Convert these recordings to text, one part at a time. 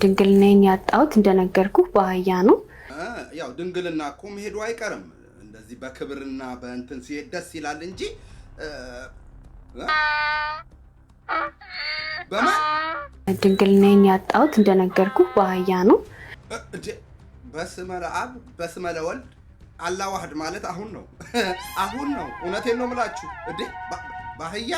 ድንግልናዬን ያጣሁት እንደነገርኩ በአህያ ነው። ያው ድንግልና እኮ መሄዱ አይቀርም። እንደዚህ በክብርና በእንትን ሲሄድ ደስ ይላል እንጂ ድንግልናዬን ያጣሁት እንደነገርኩ በአህያ ነው። በስመ ለአብ በስመ ለወልድ አላዋህድ ማለት አሁን ነው፣ አሁን ነው። እውነቴን ነው የምላችሁ። እዴ ባህያ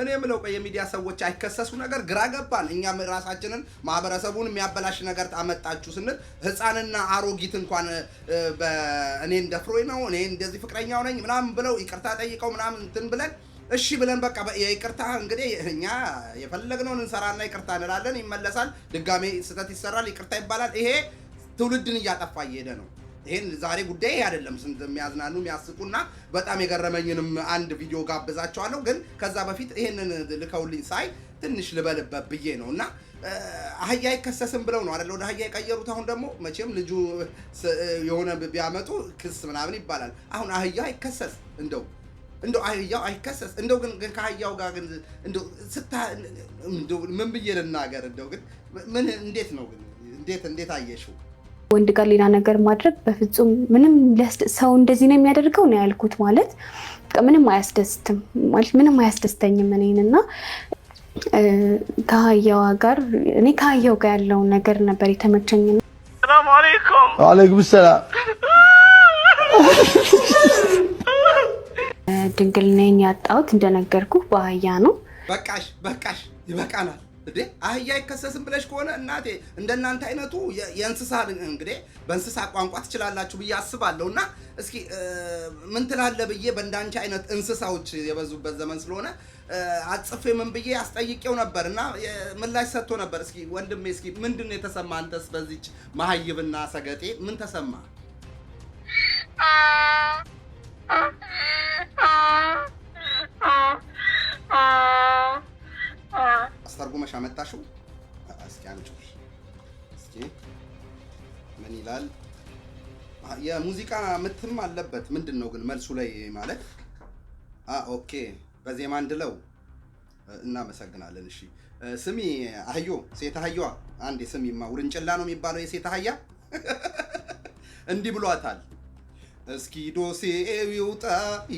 እኔ የምለው ቆይ የሚዲያ ሰዎች አይከሰሱ ነገር ግራ ገባን። እኛም ራሳችንን ማህበረሰቡን የሚያበላሽ ነገር ታመጣችሁ ስንል ህፃንና አሮጊት እንኳን እኔ እንደፍሮኝ ነው እኔ እንደዚህ ፍቅረኛው ነኝ ምናምን ብለው ይቅርታ ጠይቀው ምናምን እንትን ብለን እሺ ብለን በቃ ይቅርታ እንግዲህ እኛ የፈለግነውን እንሰራና ይቅርታ እንላለን፣ ይመለሳል። ድጋሜ ስህተት ይሰራል፣ ይቅርታ ይባላል። ይሄ ትውልድን እያጠፋ እየሄደ ነው። ይህን ዛሬ ጉዳይ ይሄ አይደለም። ስንት የሚያዝናኑ የሚያስቁና በጣም የገረመኝንም አንድ ቪዲዮ ጋብዛቸዋለሁ። ግን ከዛ በፊት ይህንን ልከውልኝ ሳይ ትንሽ ልበልበት ብዬ ነው እና አህያ አይከሰስም ብለው ነው አይደለ? ወደ አህያ የቀየሩት። አሁን ደግሞ መቼም ልጁ የሆነ ቢያመጡ ክስ ምናምን ይባላል። አሁን አህያ አይከሰስ እንደው እንደው አህያው አይከሰስ እንደው ግን ግን ከአህያው ጋር ግን እንደው ስታ ምን ብዬ ልናገር? እንደው ግን ምን እንዴት ነው ግን እንዴት እንዴት አየሽው? ከወንድ ጋር ሌላ ነገር ማድረግ በፍጹም ምንም ሰው እንደዚህ ነው የሚያደርገው ነው ያልኩት። ማለት ምንም አያስደስትም ማለት ምንም አያስደስተኝም እኔን እና ከአህያዋ ጋር እኔ ከአህያው ጋር ያለውን ነገር ነበር የተመቸኝ። ሰላም አለይኩም። አለይኩም ሰላም። ድንግልናዬን ያጣሁት እንደነገርኩ በአህያ ነው። በቃሽ በቃሽ፣ ይበቃናል እንዴ አህያ አይከሰስም ብለሽ ከሆነ እናቴ እንደናንተ አይነቱ የእንስሳ እንግዲህ በእንስሳ ቋንቋ ትችላላችሁ ብዬ አስባለሁ። እና እስኪ ምን ትላለ ብዬ በእንዳንቺ አይነት እንስሳዎች የበዙበት ዘመን ስለሆነ አጽፌ ምን ብዬ አስጠይቄው ነበር እና ምላሽ ሰጥቶ ነበር። እስኪ ወንድሜ እስኪ ምንድን ነው የተሰማ? አንተስ በዚች መሀይብና ሰገጤ ምን ተሰማ? አስተርጉመሽ አመጣሽው። እስኪ አምጪው። እስኪ ምን ይላል? የሙዚቃ ምትም አለበት። ምንድን ነው ግን መልሱ ላይ ማለት ኦኬ፣ በዜማ እንድለው። እናመሰግናለን። እሺ ስሚ አህዮ፣ ሴት አህዮዋ አንዴ ስሚማ፣ ውርንጭላ ነው የሚባለው የሴት አህያ እንዲህ ብሏታል። እስኪ ዶሴ ይውጣ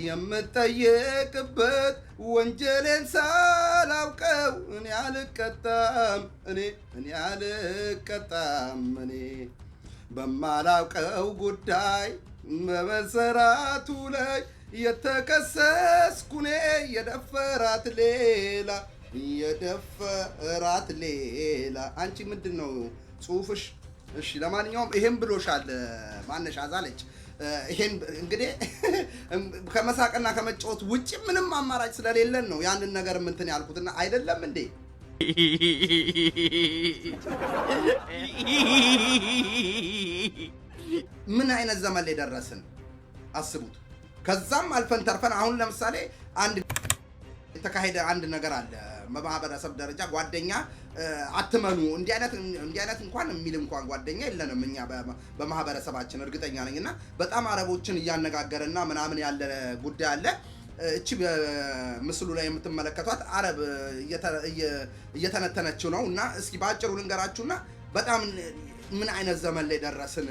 የምጠየቅበት ወንጀሌን ሳ ሳላውቀው እኔ አልቀጣም እኔ እኔ አልቀጣም እኔ በማላውቀው ጉዳይ በመሰራቱ ላይ የተከሰስኩኔ የደፈራት ሌላ የደፈራት ሌላ። አንቺ ምንድን ነው ጽሁፍሽ? እሺ፣ ለማንኛውም ይሄን ብሎሻል። ማነሽ አዛለች። ይሄን እንግዲህ ከመሳቅና ከመጫወት ውጭ ምንም አማራጭ ስለሌለን ነው ያንን ነገር ምንትን ያልኩትና አይደለም እንዴ ምን አይነት ዘመን ላይ ደረስን? አስቡት። ከዛም አልፈን ተርፈን አሁን ለምሳሌ አንድ የተካሄደ አንድ ነገር አለ በማህበረሰብ ደረጃ ጓደኛ አትመኑ እንዲህ አይነት እንዲህ አይነት እንኳን የሚል እንኳን ጓደኛ የለንም እኛ በማህበረሰባችን እርግጠኛ ነኝ። እና በጣም አረቦችን እያነጋገረና ምናምን ያለ ጉዳይ አለ። እቺ በምስሉ ላይ የምትመለከቷት አረብ እየተነተነችው ነው። እና እስኪ በአጭሩ ልንገራችሁና በጣም ምን አይነት ዘመን ላይ ደረስን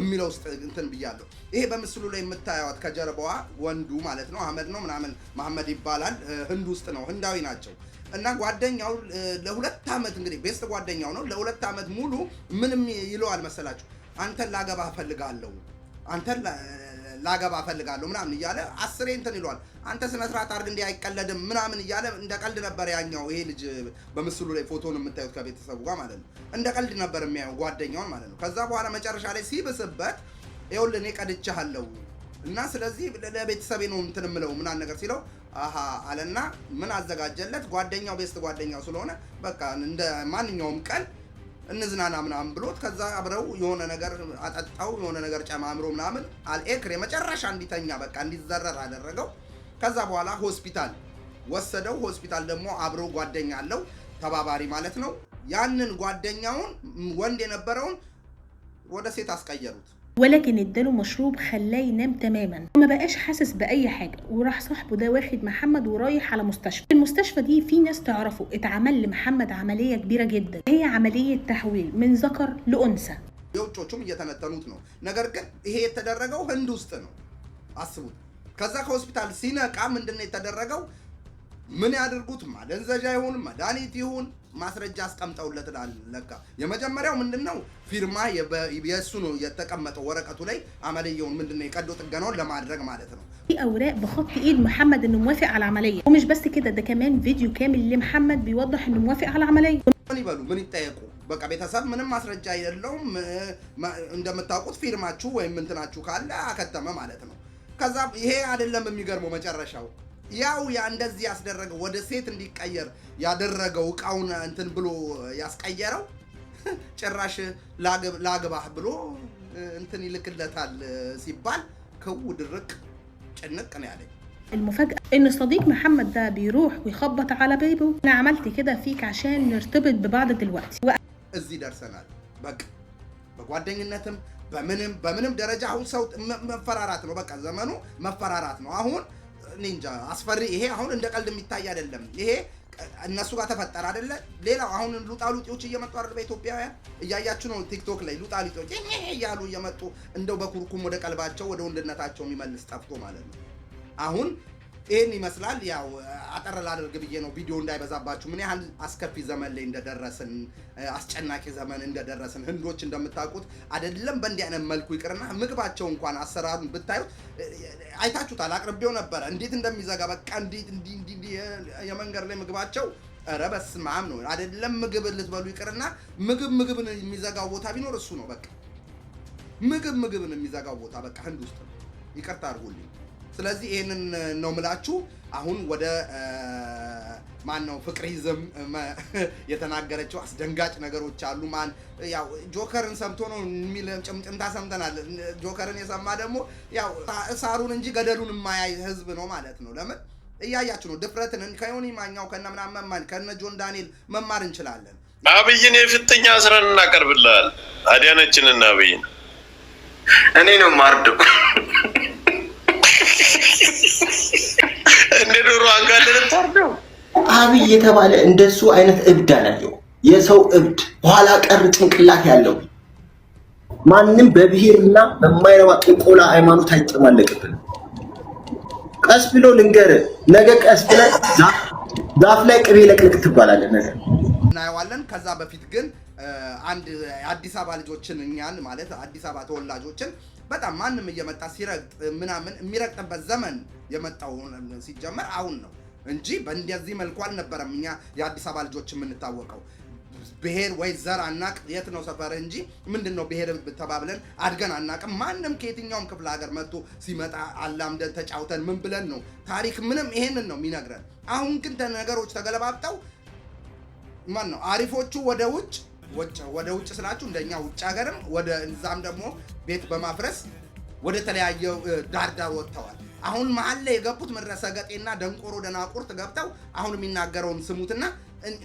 የሚለው ውስጥ እንትን ብያለሁ። ይሄ በምስሉ ላይ የምታየዋት ከጀርባዋ ወንዱ ማለት ነው አህመድ ነው ምናምን መሐመድ ይባላል። ህንድ ውስጥ ነው፣ ህንዳዊ ናቸው። እና ጓደኛው ለሁለት ዓመት እንግዲህ ቤስት ጓደኛው ነው። ለሁለት ዓመት ሙሉ ምንም ይለዋል መሰላችሁ አንተን ላገባ እፈልጋለሁ፣ አንተን ላገባ እፈልጋለሁ ምናምን እያለ አስሬ እንትን ይለዋል። አንተ ስነ ስርዓት አድርግ እንዲህ አይቀለድም ምናምን እያለ እንደ ቀልድ ነበር ያኛው። ይሄ ልጅ በምስሉ ላይ ፎቶን የምታዩት ከቤተሰቡ ጋር ማለት ነው። እንደ ቀልድ ነበር የሚያየው ጓደኛውን ማለት ነው። ከዛ በኋላ መጨረሻ ላይ ሲብስበት ይኸውልህ እኔ ቀድቼሃለሁ እና ስለዚህ ለቤተሰቤ ነው እንትን ምለው ምናምን ነገር ሲለው አሀ አለና ምን አዘጋጀለት ጓደኛው ቤስት ጓደኛው ስለሆነ በቃ እንደ ማንኛውም ቀን እንዝናና ምናምን ብሎት ከዛ አብረው የሆነ ነገር አጠጣው የሆነ ነገር ጨማምሮ ምናምን አልኤክር የመጨረሻ እንዲተኛ በቃ እንዲዘረር አደረገው። ከዛ በኋላ ሆስፒታል ወሰደው። ሆስፒታል ደግሞ አብሮ ጓደኛ አለው ተባባሪ ማለት ነው። ያንን ጓደኛውን ወንድ የነበረውን ወደ ሴት አስቀየሩት። ولكن اداله مشروب خلاه ينام تماما وما بقاش حاسس باي حاجه وراح صاحبه ده واخد محمد ورايح على مستشفى في المستشفى دي في ناس تعرفه اتعمل لمحمد عمليه كبيره جدا هي عمليه تحويل من ذكر لانثى ዎቹም እየተነተኑት ነው። ነገር ግን ይሄ የተደረገው ህንድ ውስጥ ነው። አስቡት። ከዛ ከሆስፒታል ሲነቃ ምንድን የተደረገው? من ያደርጉት ማደንዘዣ ይሁን መድኃኒት ይሁን ማስረጃ አስቀምጠውለት ለካ የመጀመሪያው ምንድን ነው ፊርማ የእሱ ነው የተቀመጠው ወረቀቱ ላይ አመልየውን ምንድን ነው የቀዶ ጥገናውን ለማድረግ ማለት ነው في اوراق بخط ايد محمد انه موافق على العمليه ومش بس كده ده كمان فيديو كامل لمحمد بيوضح انه موافق على العمليه من يبلو من يتايقوا بقى بيتسب من المسرجه يدلهم عندما تاقوت فيرماچو ወይም እንትናቹ ካለ አከተመ ማለት ነው ከዛ ይሄ አይደለም የሚገርመው መጨረሻው يا ያው ያንደዚህ ያስደረገው ወደ ሴት እንዲቀየር ያደረገው እቃውን እንትን ብሎ ያስቀየረው ጭራሽ ላግባህ ብሎ እንትን ይልክለታል ሲባል ክው ድርቅ ጭንቅ ነው يعني المفاجأة إن صديق محمد ده بيروح ويخبط على بيبو أنا عملت كده فيك عشان نرتبط ببعض دلوقتي و... إزي درسنا بق بقوادين النتم بمنم بمنم درجة هون صوت مفرارات ما بقى زمانه مفرارات ما هون እኔ እንጃ አስፈሪ። ይሄ አሁን እንደ ቀልድ የሚታይ አይደለም። ይሄ እነሱ ጋር ተፈጠረ አይደለ? ሌላው አሁን ሉጣ ሉጤዎች እየመጡ አይደል? በኢትዮጵያውያን እያያችሁ ነው። ቲክቶክ ላይ ሉጣ ሉጤዎች እያሉ እየመጡ እንደው በኩርኩም ወደ ቀልባቸው ወደ ወንድነታቸው የሚመልስ ጠፍቶ ማለት ነው አሁን ይህን ይመስላል። ያው አጠር ላደርግ ብዬ ነው ቪዲዮ እንዳይበዛባችሁ። ምን ያህል አስከፊ ዘመን ላይ እንደደረስን፣ አስጨናቂ ዘመን እንደደረስን ህንዶች እንደምታውቁት አይደለም በእንዲህ አይነት መልኩ ይቅርና ምግባቸው እንኳን አሰራሩን ብታዩት አይታችሁታል። አቅርቤው ነበረ እንዴት እንደሚዘጋ በቃ እንዴት የመንገድ ላይ ምግባቸው ኧረ በስመ አብ ነው። አይደለም ምግብ ልትበሉ ይቅርና ምግብ ምግብን የሚዘጋው ቦታ ቢኖር እሱ ነው። በቃ ምግብ ምግብን የሚዘጋው ቦታ በቃ ህንድ ውስጥ ነው። ይቅርታ አድርጉልኝ። ስለዚህ ይህንን ነው ምላችሁ። አሁን ወደ ማን ነው ፍቅሪዝም የተናገረችው አስደንጋጭ ነገሮች አሉ። ማን ያው ጆከርን ሰምቶ ነው የሚል ጭምጭምታ ሰምተናል። ጆከርን የሰማ ደግሞ ያው እሳሩን እንጂ ገደሉን የማያይ ህዝብ ነው ማለት ነው። ለምን እያያችሁ ነው? ድፍረትን ከዮኒ ማኛው ከነ ምናምን ከነ ጆን ዳንኤል መማር እንችላለን። አብይን የፍትኛ አስረን እናቀርብልሃል። አዲያነችንና አብይን እኔ ነው ማርዶ እንደ ዶሮ አንጋለ ነው አብይ የተባለ እንደሱ አይነት እብድ አላየው። የሰው እብድ ኋላ ቀር ጭንቅላት ያለው ማንም በብሔርና በማይረባ ጥንቆላ ሃይማኖት አይጨማለቅብን። ቀስ ብሎ ልንገር፣ ነገ ቀስ ብለ ዛፍ ላይ ቅቤ ለቅልቅ ትባላለ። ነገ እናየዋለን። ከዛ በፊት ግን አንድ አዲስ አበባ ልጆችን እኛን ማለት አዲስ አበባ ተወላጆችን በጣም ማንም እየመጣ ሲረግጥ ምናምን የሚረግጥበት ዘመን የመጣው ሲጀመር አሁን ነው እንጂ በእንደዚህ መልኩ አልነበረም። እኛ የአዲስ አበባ ልጆች የምንታወቀው ብሔር ወይ ዘር አናቅ፣ የት ነው ሰፈር እንጂ ምንድን ነው ብሔር ተባብለን አድገን አናቅም። ማንም ከየትኛውም ክፍለ ሀገር መጥቶ ሲመጣ አላምደን ተጫውተን ምን ብለን ነው ታሪክ ምንም ይሄንን ነው የሚነግረን። አሁን ግን ነገሮች ተገለባብጠው ማን ነው አሪፎቹ ወደ ውጭ ወደ ውጭ ስላችሁ እንደኛ ውጭ ሀገርም ወደ እዛም ደግሞ ቤት በማፍረስ ወደ ተለያየ ዳርዳር ወጥተዋል። አሁን መሀል ላይ የገቡት መድረሰ ገጤና ደንቆሮ ደናቁርት ገብተው አሁን የሚናገረውን ስሙትና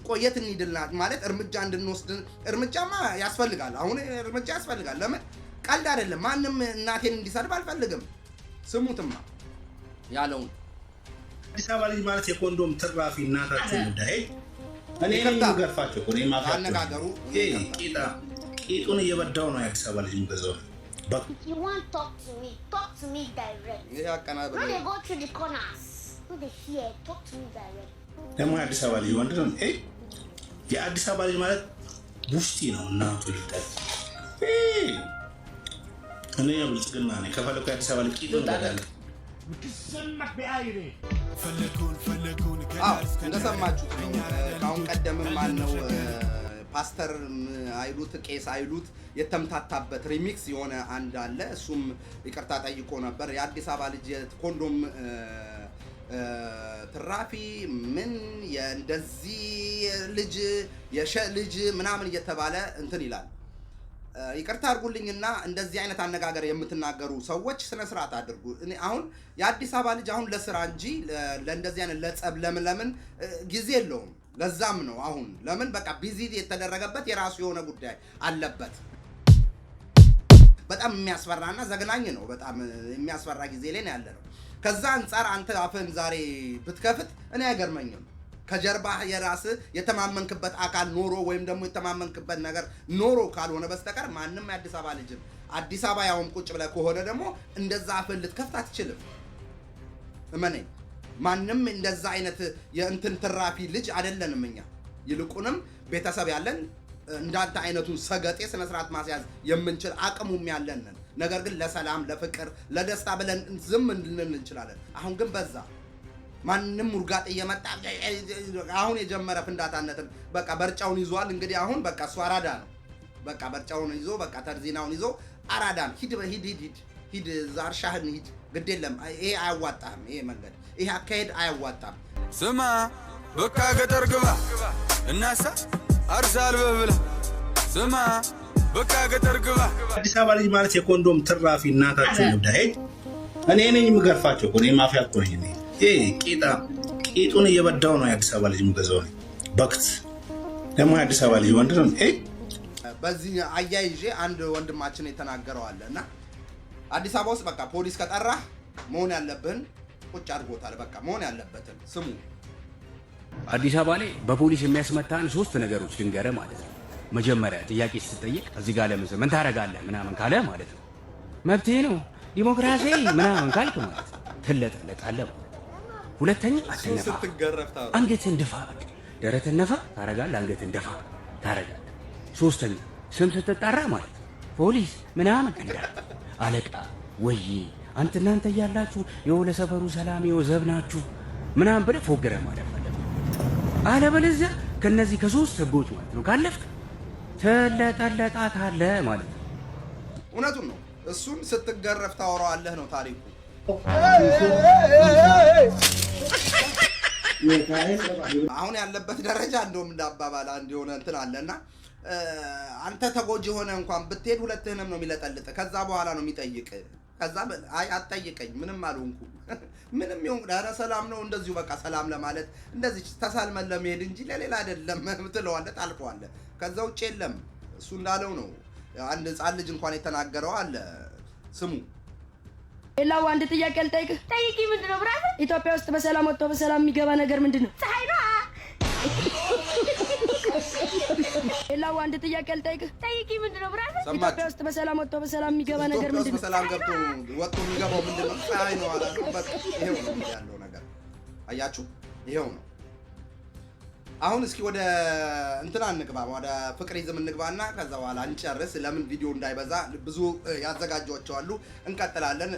ቆየት እንሂድላት ማለት እርምጃ እንድንወስድ እርምጃማ ያስፈልጋል። አሁን እርምጃ ያስፈልጋል። ለምን ቀልድ አይደለም። ማንም እናቴን እንዲሰድብ አልፈልግም። ስሙትማ ያለውን አዲስ አበባ ልጅ ማለት የኮንዶም ትራፊ እናታችሁ ጉዳይ አነጋገሩ ቂጡን እየበዳው ነው። የአዲስ አበባ ልጅ የሚገዛው ደግሞ የአዲስ አበባ ልጅ ወንድ ነው። የአዲስ አበባ ልጅ ማለት ቡሽቲ ነው። እናቱ ልታ እኔ ብልጽግና ከፈለኩ የአዲስ አበባ ልጅ ቂጡን እንደሰማችሁት ነው። ከአሁን ቀደምም ነው ፓስተር አይሉት ቄስ አይሉት የተምታታበት ሪሚክስ የሆነ አንድ አለ። እሱም ይቅርታ ጠይቆ ነበር። የአዲስ አበባ ልጅ ኮንዶም ትራፊ ምን እንደዚህ ልጅ የሸ ልጅ ምናምን እየተባለ እንትን ይላል ይቅርታ አድርጉልኝና እንደዚህ አይነት አነጋገር የምትናገሩ ሰዎች ስነ ስርዓት አድርጉ። አሁን የአዲስ አበባ ልጅ አሁን ለስራ እንጂ ለእንደዚህ አይነት ለጸብ ለምን ለምን ጊዜ የለውም። ለዛም ነው አሁን ለምን በቃ ቢዚ የተደረገበት የራሱ የሆነ ጉዳይ አለበት። በጣም የሚያስፈራና ዘግናኝ ነው። በጣም የሚያስፈራ ጊዜ ላይ ያለ ነው። ከዛ አንጻር አንተ አፍህን ዛሬ ብትከፍት እኔ አይገርመኝም። ከጀርባህ የራስ የተማመንክበት አካል ኖሮ ወይም ደግሞ የተማመንክበት ነገር ኖሮ ካልሆነ በስተቀር ማንም የአዲስ አበባ ልጅም አዲስ አበባ ያውም ቁጭ ብለህ ከሆነ ደግሞ እንደዛ አፍህን ልትከፍት አትችልም። እመነኝ፣ ማንም እንደዛ አይነት የእንትን ትራፊ ልጅ አይደለንም እኛ። ይልቁንም ቤተሰብ ያለን እንዳንተ አይነቱን ሰገጤ ስነስርዓት ማስያዝ የምንችል አቅሙም ያለንን ነገር ግን ለሰላም ለፍቅር፣ ለደስታ ብለን ዝም እንልን እንችላለን። አሁን ግን በዛ ማንም ውርጋጥ እየመጣ አሁን የጀመረ ፍንዳታነትን በቃ በርጫውን ይዟል። እንግዲህ አሁን በቃ እሱ አራዳ ነው። በቃ በርጫውን ይዞ በቃ ተርዚናውን ይዞ አራዳ ነው። ሂድ ሂድ ሂድ ሂድ ሂድ ዛርሻህን ሂድ፣ ግድ የለም ይሄ አያዋጣህም። ይሄ መንገድ ይሄ አካሄድ አያዋጣም። ስማ በቃ ገጠር ግባ እናሳ አርሳ አልበህ ብላ ስማ በቃ ገጠር ግባ። አዲስ አበባ ልጅ ማለት የኮንዶም ትራፊ እናታችሁ ጉዳይ እኔ ነኝ የምገርፋቸው እኔ ማፊያ እኮ ነኝ ቂጣ ቂጡን እየበዳው ነው የአዲስ አበባ ልጅ የምገዛው ነው። በክት ደግሞ የአዲስ አበባ ልጅ ወንድ ነው። በዚህ አያይዤ አንድ ወንድማችን የተናገረው አለ እና አዲስ አበባ ውስጥ በቃ ፖሊስ ከጠራ መሆን ያለብህን ቁጭ አድርጎታል። በቃ መሆን ያለበትን ስሙ። አዲስ አበባ ላይ በፖሊስ የሚያስመታን ሶስት ነገሮች ድንገረ ማለት ነው። መጀመሪያ ጥያቄ ስትጠየቅ እዚህ ጋር ለምን ምን ታደርጋለህ ምናምን ካለ ማለት ነው መብትህ ነው ዲሞክራሲ ምናምን ካልክ ማለት ነው ትለጠለጣለህ ማለት ነው ሁለተኛ አትነፋ፣ አንገትን ደፋ፣ ደረትን ነፋ ታረጋል፣ አንገትን ደፋ ታረጋል። ሶስተኛ ስም ስትጠራ ማለት ፖሊስ ምናምን እንዳ አለቃ ወይ አንተ እናንተ እያላችሁ የው ለሰፈሩ ሰላም የው ዘብናችሁ ምናምን ብለህ ፎግረ ማለት ማለት አለበለዚያ ከነዚህ ከሶስት ህጎች ማለት ነው ካለፍክ ትለጠለጣታለህ ማለት ነው። እውነቱን ነው። እሱን ስትገረፍ ታወራዋለህ ነው ታሪኩ። አሁን ያለበት ደረጃ እንደውም አባባል አንድ የሆነ እንትን አለ አንተ ተጎጂ የሆነ እንኳን ብትሄድ ሁለትህንም ነው የሚለጠልጥ። ከዛ በኋላ ነው የሚጠይቅ። ከዛ አይ አትጠይቀኝ፣ ምንም አልሆንኩ፣ ምንም ይሁን ኧረ ሰላም ነው እንደዚሁ በቃ ሰላም ለማለት እንደዚህ ተሳልመን ለመሄድ እንጂ ለሌላ አይደለም ትለዋለህ፣ ታልፈዋለህ። ከዛ ውጭ የለም። እሱ እንዳለው ነው። አንድ ህፃን ልጅ እንኳን የተናገረው አለ ስሙ ሌላው አንድ ጥያቄ ልጠይቅህ። ጠይቂ። ምንድን ነው ብራዘ? ኢትዮጵያ ውስጥ በሰላም ወጥቶ በሰላም የሚገባ ነገር ምንድን ነው? ፀሐይ ነው። ሌላው አንድ ጥያቄ ልጠይቅህ። ጠይቂ። ምንድን ነው ብራዘ? ኢትዮጵያ ውስጥ በሰላም ወጥቶ በሰላም የሚገባ ነገር ምንድን ነው? በሰላም ገብቶ ወጥቶ የሚገባው ምንድን ነው? ፀሐይ ነው አላልኩም? ይሄው ነው ያለው ነገር። አያችሁ፣ ይሄው ነው አሁን እስኪ ወደ እንትና እንግባ፣ ወደ ፍቅሪዝም እንግባና ከዛ በኋላ እንጨርስ። ለምን ቪዲዮ እንዳይበዛ ብዙ ያዘጋጇቸው አሉ። እንቀጥላለን።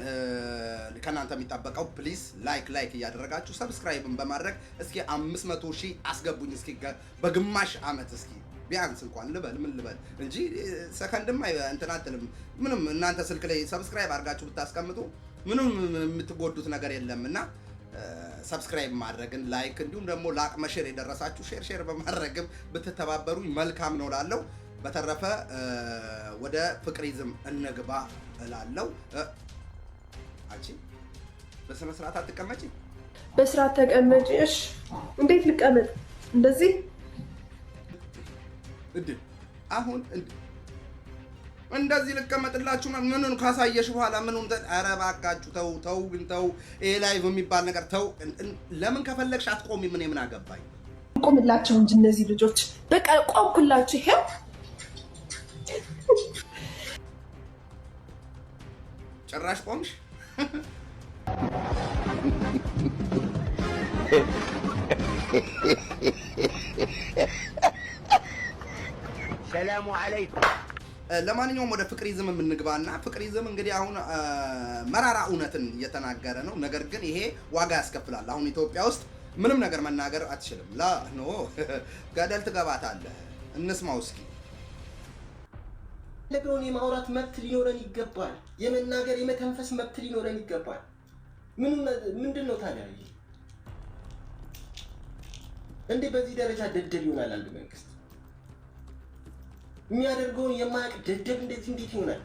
ከእናንተ የሚጠበቀው ፕሊስ ላይክ ላይክ እያደረጋችሁ ሰብስክራይብን በማድረግ እስኪ አምስት መቶ ሺህ አስገቡኝ እስኪ በግማሽ አመት እስኪ ቢያንስ እንኳን ልበል ምን ልበል እንጂ ሰከንድም እንትን አትልም። ምንም እናንተ ስልክ ላይ ሰብስክራይብ አድርጋችሁ ብታስቀምጡ ምንም የምትጎዱት ነገር የለም እና ሰብስክራይብ ማድረግን ላይክ፣ እንዲሁም ደግሞ ለአቅመ ሼር የደረሳችሁ ሼር ሼር በማድረግም ብትተባበሩኝ መልካም ነው እላለሁ። በተረፈ ወደ ፍቅሪዝም እንግባ እላለሁ። አንቺ በስነ ስርዓት አትቀመጪ? በስርዓት ተቀመጪ። እሺ፣ እንዴት ልቀመጥ? እንደዚህ እንዴ? አሁን እንዴ? እንደዚህ ልቀመጥላችሁ ምኑን ካሳየሽ በኋላ ምኑን ኧረ እባካችሁ ተው ተው፣ ግን ተው፣ ይሄ ላይቭ የሚባል ነገር ተው። ለምን ከፈለግሽ አትቆሚ? ምን ምን አገባኝ? ቆምላቸው እንጂ እነዚህ ልጆች በቃ ቆምኩላችሁ። ይሄው ጭራሽ ቆምሽ። ሰላሙ አለይኩም ለማንኛውም ወደ ፍቅሪዝም የምንግባና ፍቅሪዝም እንግዲህ አሁን መራራ እውነትን እየተናገረ ነው። ነገር ግን ይሄ ዋጋ ያስከፍላል። አሁን ኢትዮጵያ ውስጥ ምንም ነገር መናገር አትችልም። ላ ኖ ገደል ትገባታለህ። እንስማው እስኪ ለብሮን የማውራት መብት ሊኖረን ይገባል። የመናገር የመተንፈስ መብት ሊኖረን ይገባል። ምንድን ነው ታዲያ እንዴ? በዚህ ደረጃ ደደል ይሆናል አንድ መንግስት የሚያደርገውን የማያውቅ ደደብ እንደዚህ እንዴት ይሆናል?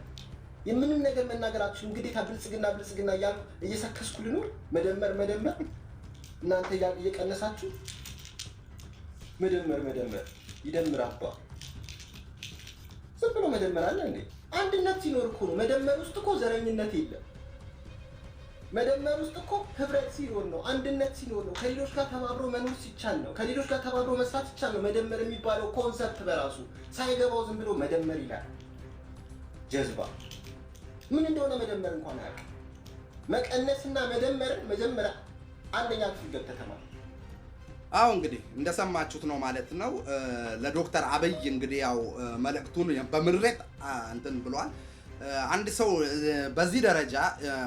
የምንም ነገር መናገራችሁ ግዴታ ብልጽግና ብልጽግና እያልኩ እየሰከስኩ ልኖር? መደመር መደመር እናንተ እየቀነሳችሁ መደመር መደመር ይደምር አባ ዝም ብሎ መደመር አለ እንዴ? አንድነት ሲኖር እኮ ነው። መደመር ውስጥ እኮ ዘረኝነት የለም። መደመር ውስጥ እኮ ህብረት ሲኖር ነው፣ አንድነት ሲኖር ነው፣ ከሌሎች ጋር ተባብሮ መኖር ሲቻል ነው፣ ከሌሎች ጋር ተባብሮ መስራት ሲቻል ነው። መደመር የሚባለው ኮንሰፕት በራሱ ሳይገባው ዝም ብሎ መደመር ይላል። ጀዝባ ምን እንደሆነ መደመር እንኳን አያውቅም። መቀነስና መደመርን መጀመሪያ አንደኛ ክፍል ገብተህ ተማር። አዎ እንግዲህ እንደሰማችሁት ነው ማለት ነው። ለዶክተር አብይ እንግዲህ ያው መልእክቱን በምሬት እንትን ብሏል። አንድ ሰው በዚህ ደረጃ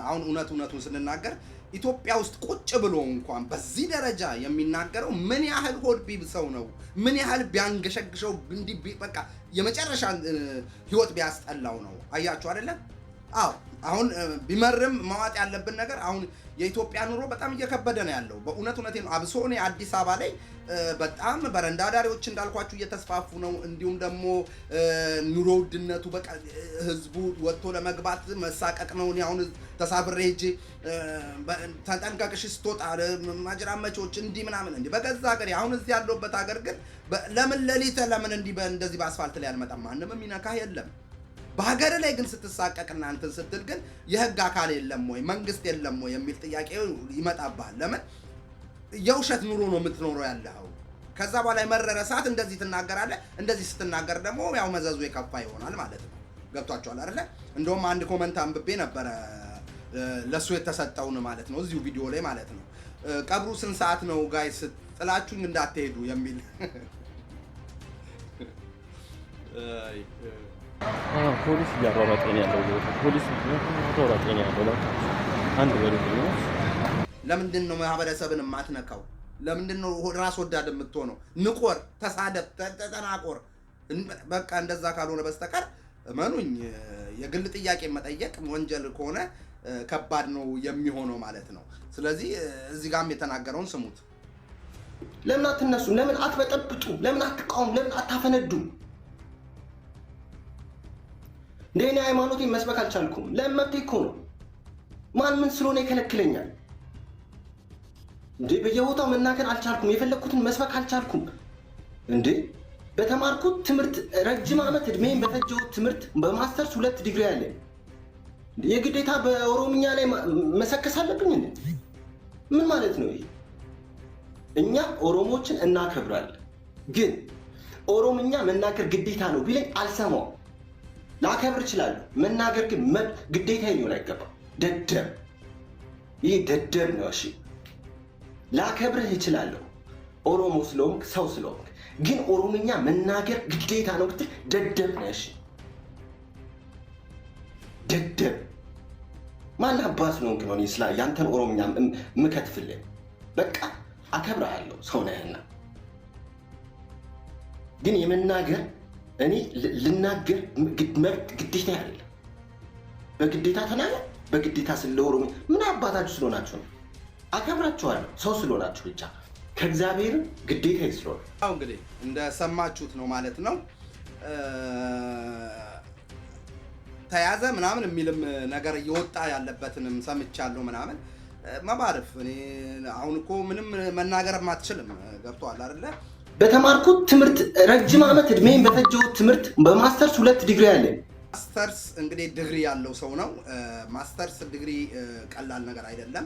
አሁን እውነት እውነቱን ስንናገር ኢትዮጵያ ውስጥ ቁጭ ብሎ እንኳን በዚህ ደረጃ የሚናገረው ምን ያህል ሆድ ቢብ ሰው ነው? ምን ያህል ቢያንገሸግሸው እንዲህ በቃ የመጨረሻ ህይወት ቢያስጠላው ነው። አያችሁ አይደለም? አዎ አሁን ቢመርም መዋጥ ያለብን ነገር አሁን የኢትዮጵያ ኑሮ በጣም እየከበደ ነው ያለው። በእውነት እውነቴ ነው። አብሶ እኔ አዲስ አበባ ላይ በጣም በረንዳ ዳሪዎች እንዳልኳችሁ እየተስፋፉ ነው። እንዲሁም ደግሞ ኑሮ ውድነቱ በቃ ህዝቡ ወጥቶ ለመግባት መሳቀቅ ነው። እኔ አሁን ተሳብሬ ሄጄ ተጠንቀቅሽ ስትወጣ ማጅራመቾች እንዲህ ምናምን እንዲህ በገዛ ሀገር አሁን እዚህ ያለሁበት ሀገር ግን ለምን ሌሊት ለምን እንዲህ እንደዚህ በአስፋልት ላይ አልመጣም? ማንም የሚነካህ የለም። በሀገር ላይ ግን ስትሳቀቅና እንትን ስትል ግን የህግ አካል የለም ወይ መንግስት የለም ወይ የሚል ጥያቄ ይመጣብሃል። ለምን የውሸት ኑሮ ነው የምትኖረው ያለው ከዛ በኋላ የመረረ ሰዓት እንደዚህ ትናገራለህ። እንደዚህ ስትናገር ደግሞ ያው መዘዙ የከፋ ይሆናል ማለት ነው። ገብቷቸዋል አይደለ? እንደውም አንድ ኮመንት አንብቤ ነበረ ለእሱ የተሰጠውን ማለት ነው እዚሁ ቪዲዮ ላይ ማለት ነው። ቀብሩ ስንት ሰዓት ነው ጋይ ጥላችሁኝ እንዳትሄዱ የሚል ፖሊስ ያለው ፖሊስ ያለው አንድ በሬ ለምንድን ነው ማህበረሰብን የማትነካው? ለምንድን ነው ራስ ወዳድ የምትሆነው? ንቆር፣ ተሳደብ፣ ተጠናቆር በቃ እንደዛ ካልሆነ በስተቀር እመኑኝ የግል ጥያቄ መጠየቅ ወንጀል ከሆነ ከባድ ነው የሚሆነው ማለት ነው። ስለዚህ እዚህ ጋም የተናገረውን ስሙት። ለምን አትነሱ? ለምን አትበጠብጡ? ለምን አትቃውም? ለምን አታፈነዱ? እንደ እኔ ሃይማኖቴን መስበክ አልቻልኩም። ለመብቴ እኮ ነው። ማን ምን ስለሆነ ይከለክለኛል? እንዴ በየቦታው መናገር አልቻልኩም። የፈለግኩትን መስበክ አልቻልኩም። እንዴ በተማርኩት ትምህርት ረጅም ዓመት እድሜን በፈጀሁት ትምህርት በማስተርስ ሁለት ዲግሪ ያለ የግዴታ በኦሮምኛ ላይ መሰከስ አለብኝ? ምን ማለት ነው ይሄ? እኛ ኦሮሞችን እናከብራለን፣ ግን ኦሮምኛ መናገር ግዴታ ነው ቢለኝ አልሰማው ላከብር እችላለሁ። መናገር ግን ግዴታ ሊሆን አይገባም። ደደብ ይህ ደደብ ነው። እሺ ላከብርህ እችላለሁ ኦሮሞ ስለሆንክ ሰው ስለሆንክ፣ ግን ኦሮምኛ መናገር ግዴታ ነው ብትል ደደብ ነህ። እሺ ደደብ ማን አባት ስለሆንክ ነው ስላ ያንተን ኦሮምኛ ምከትፍልን? በቃ አከብርሃለሁ ሰው ነህና፣ ግን የመናገር እኔ ልናገር ግዴታ ያለ በግዴታ ተናገ በግዴታ ስለወሩ ምን አባታችሁ ስለሆናችሁ ነው? አከብራችኋል ሰው ስለሆናችሁ ብቻ ከእግዚአብሔር ግዴታ ይስለሆነ። አሁ እንግዲህ እንደሰማችሁት ነው ማለት ነው። ተያዘ ምናምን የሚልም ነገር እየወጣ ያለበትንም ሰምቻለሁ ምናምን መባረፍ እኔ አሁን እኮ ምንም መናገር አትችልም። ገብቶሃል አይደለ? በተማርኩት ትምህርት ረጅም ዓመት እድሜን በፈጀው ትምህርት በማስተርስ ሁለት ዲግሪ አለኝ። ማስተርስ እንግዲህ ዲግሪ ያለው ሰው ነው። ማስተርስ ዲግሪ ቀላል ነገር አይደለም።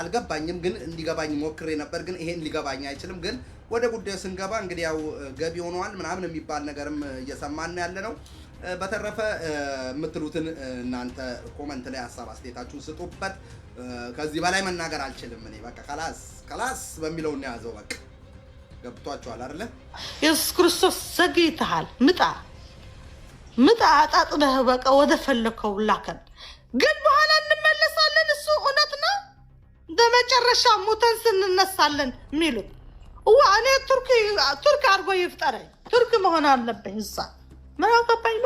አልገባኝም፣ ግን እንዲገባኝ ሞክሬ ነበር፣ ግን ይሄን ሊገባኝ አይችልም። ግን ወደ ጉዳዩ ስንገባ እንግዲህ ያው ገቢ ሆነዋል ምናምን የሚባል ነገርም እየሰማን ያለ ነው። በተረፈ የምትሉትን እናንተ ኮመንት ላይ ሀሳብ አስተያየታችሁን ስጡበት። ከዚህ በላይ መናገር አልችልም እኔ በቃ ከላስ ከላስ በሚለው እናያዘው በቃ ገብቷቸዋል አይደለ? ኢየሱስ ክርስቶስ ዘግይተሃል፣ ምጣ ምጣ፣ አጣጥበህ በቃ ወደ ፈለከው ላከን። ግን በኋላ እንመለሳለን፣ እሱ እውነት ነው። በመጨረሻ ሙተን ስንነሳለን የሚሉት እዋ እኔ ቱርክ ቱርክ አድርጎ ይፍጠረኝ፣ ቱርክ መሆን አለብኝ። እዛ ምን አገባኝ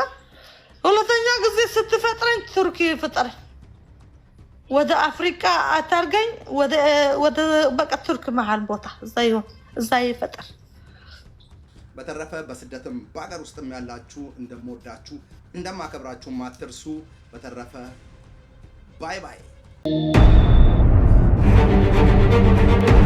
ሁለተኛ ጊዜ ስትፈጥረኝ ቱርክ ይፍጠረኝ። ወደ አፍሪካ አታርገኝ። ወደ በቃ ቱርክ መሀል ቦታ እዛ ይሆን እዛ ይፈጠር። በተረፈ በስደትም በሀገር ውስጥም ያላችሁ እንደምወዳችሁ እንደማከብራችሁ ማትርሱ። በተረፈ ባይ ባይ።